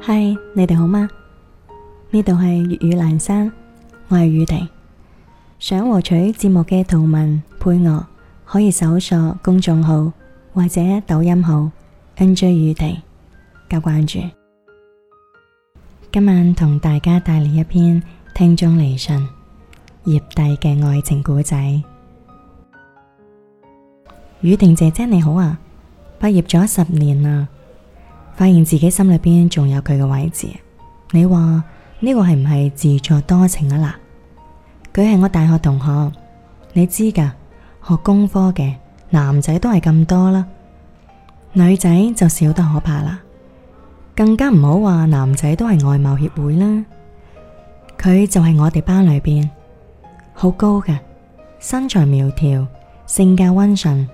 嗨，Hi，你哋好嗎？呢度係粵語闌珊，我係宇婷。想獲取節目嘅圖文配樂，可以搜索公眾號或者抖音號 N J 宇婷，加關注。今晚同大家帶嚟一篇聽眾嚟信，葉帝嘅愛情故仔。宇婷姐，姐姐你好啊，畢業咗十年啦。發現自己心裏邊仲有佢嘅位置，你話呢個係唔係自作多情啊啦？佢係我大學同學，你知噶，學工科嘅男仔都係咁多啦，女仔就少得可怕啦。更加唔好話男仔都係外貌協會啦，佢就係我哋班裏邊好高嘅，身材苗條，性格溫順，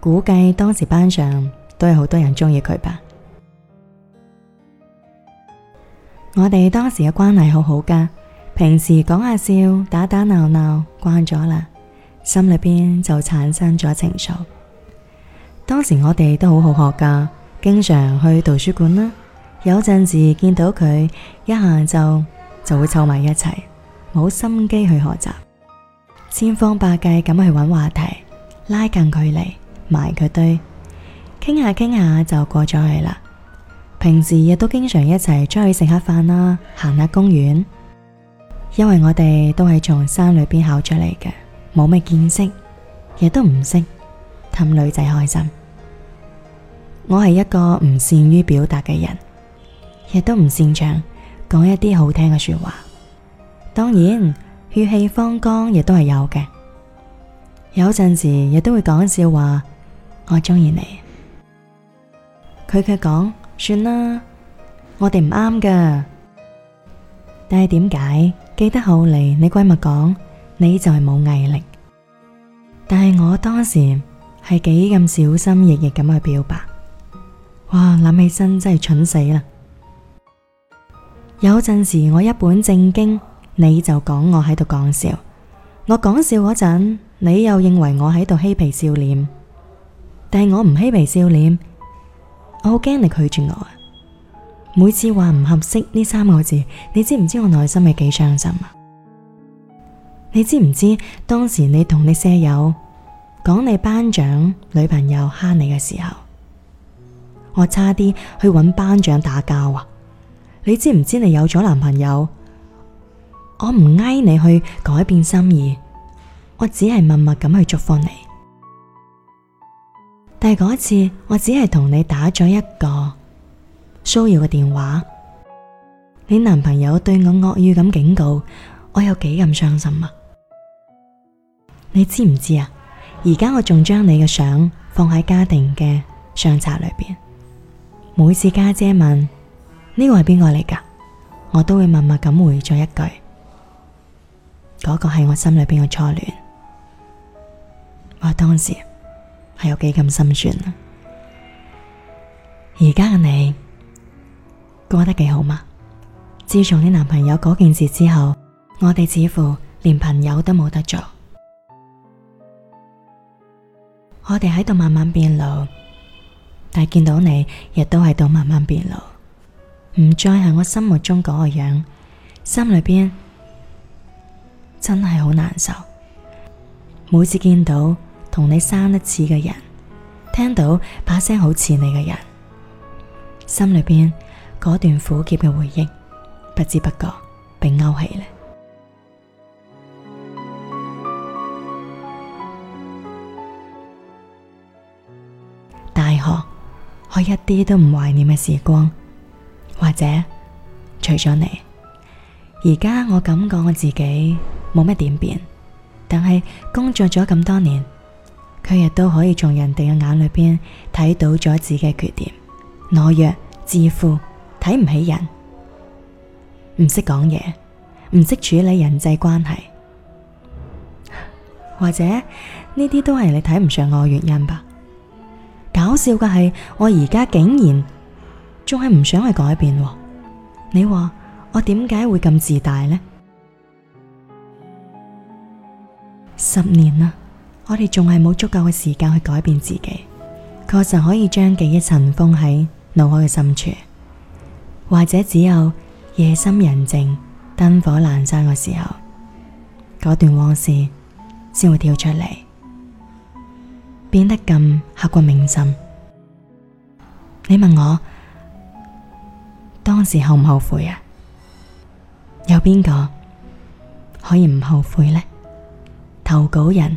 估計當時班上都有好多人中意佢吧。我哋當時嘅關係好好噶，平時講下笑，打打鬧鬧，慣咗啦，心裏邊就產生咗情愫。當時我哋都好好學噶，經常去圖書館啦，有陣時見到佢，一下就就會湊埋一齊，冇心機去學習，千方百計咁去揾話題，拉近距離，埋佢堆，傾下傾下就過咗去啦。平時亦都經常一齊出去食下飯啦，行下公園。因為我哋都係從山裏邊考出嚟嘅，冇咩見識，亦都唔識氹女仔開心。我係一個唔善於表達嘅人，亦都唔擅長講一啲好聽嘅說話。當然，血氣方剛亦都係有嘅。有陣時亦都會講笑話，我中意你。佢卻講。算啦，我哋唔啱噶。但係點解？記得後嚟你閨蜜講，你就係冇毅力。但係我當時係幾咁小心翼翼咁去表白。哇，諗起身真係蠢死啦！有陣時我一本正經，你就講我喺度講笑；我講笑嗰陣，你又認為我喺度嬉皮笑臉。但係我唔嬉皮笑臉。我好驚你拒絕我啊！每次話唔合適呢三個字，你知唔知我內心係幾傷心啊？你知唔知當時你同你舍友講你班長女朋友蝦你嘅時候，我差啲去揾班長打交啊！你知唔知你有咗男朋友，我唔求你去改變心意，我只係默默咁去祝福你。但係嗰次，我只係同你打咗一個騷擾嘅電話，你男朋友對我惡語咁警告，我有幾咁傷心啊！你知唔知啊？而家我仲將你嘅相放喺家庭嘅相冊裏邊，每次家姐問呢個係邊個嚟噶，我都會默默咁回咗一句：嗰個係我心裏邊嘅初戀。我當時，係有幾咁心酸啊！而家嘅你過得幾好嘛？自從你男朋友嗰件事之後，我哋似乎連朋友都冇得做。我哋喺度慢慢變老，但係見到你亦都喺度慢慢變老，唔再係我心目中嗰個樣，心裏邊真係好難受。每次見到，同你生得似嘅人，聽到把聲好似你嘅人，心裏邊嗰段苦澀嘅回憶，不知不覺被勾起嚟。 大學，我一啲都唔懷念嘅時光，或者除咗你，而家我感覺我自己冇乜點變，但係工作咗咁多年。佢亦都可以從人哋嘅眼裏邊睇到咗自己嘅缺點，懦弱、自負、睇唔起人，唔識講嘢，唔識處理人際關係，或者呢啲都係你睇唔上我嘅原因吧？搞笑嘅係，我而家竟然仲係唔想去改變。你話我點解會咁自大呢？十年啦。我哋仲係冇足夠嘅時間去改變自己，確實可以將記憶塵封喺腦海嘅深處，或者只有夜深人靜、燈火闌珊嘅時候，嗰段往事先會跳出嚟，變得咁刻骨銘心。你問我當時後唔後悔啊？有邊個可以唔後悔呢？投稿人。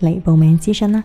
嚟報名諮詢啦！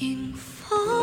迎風。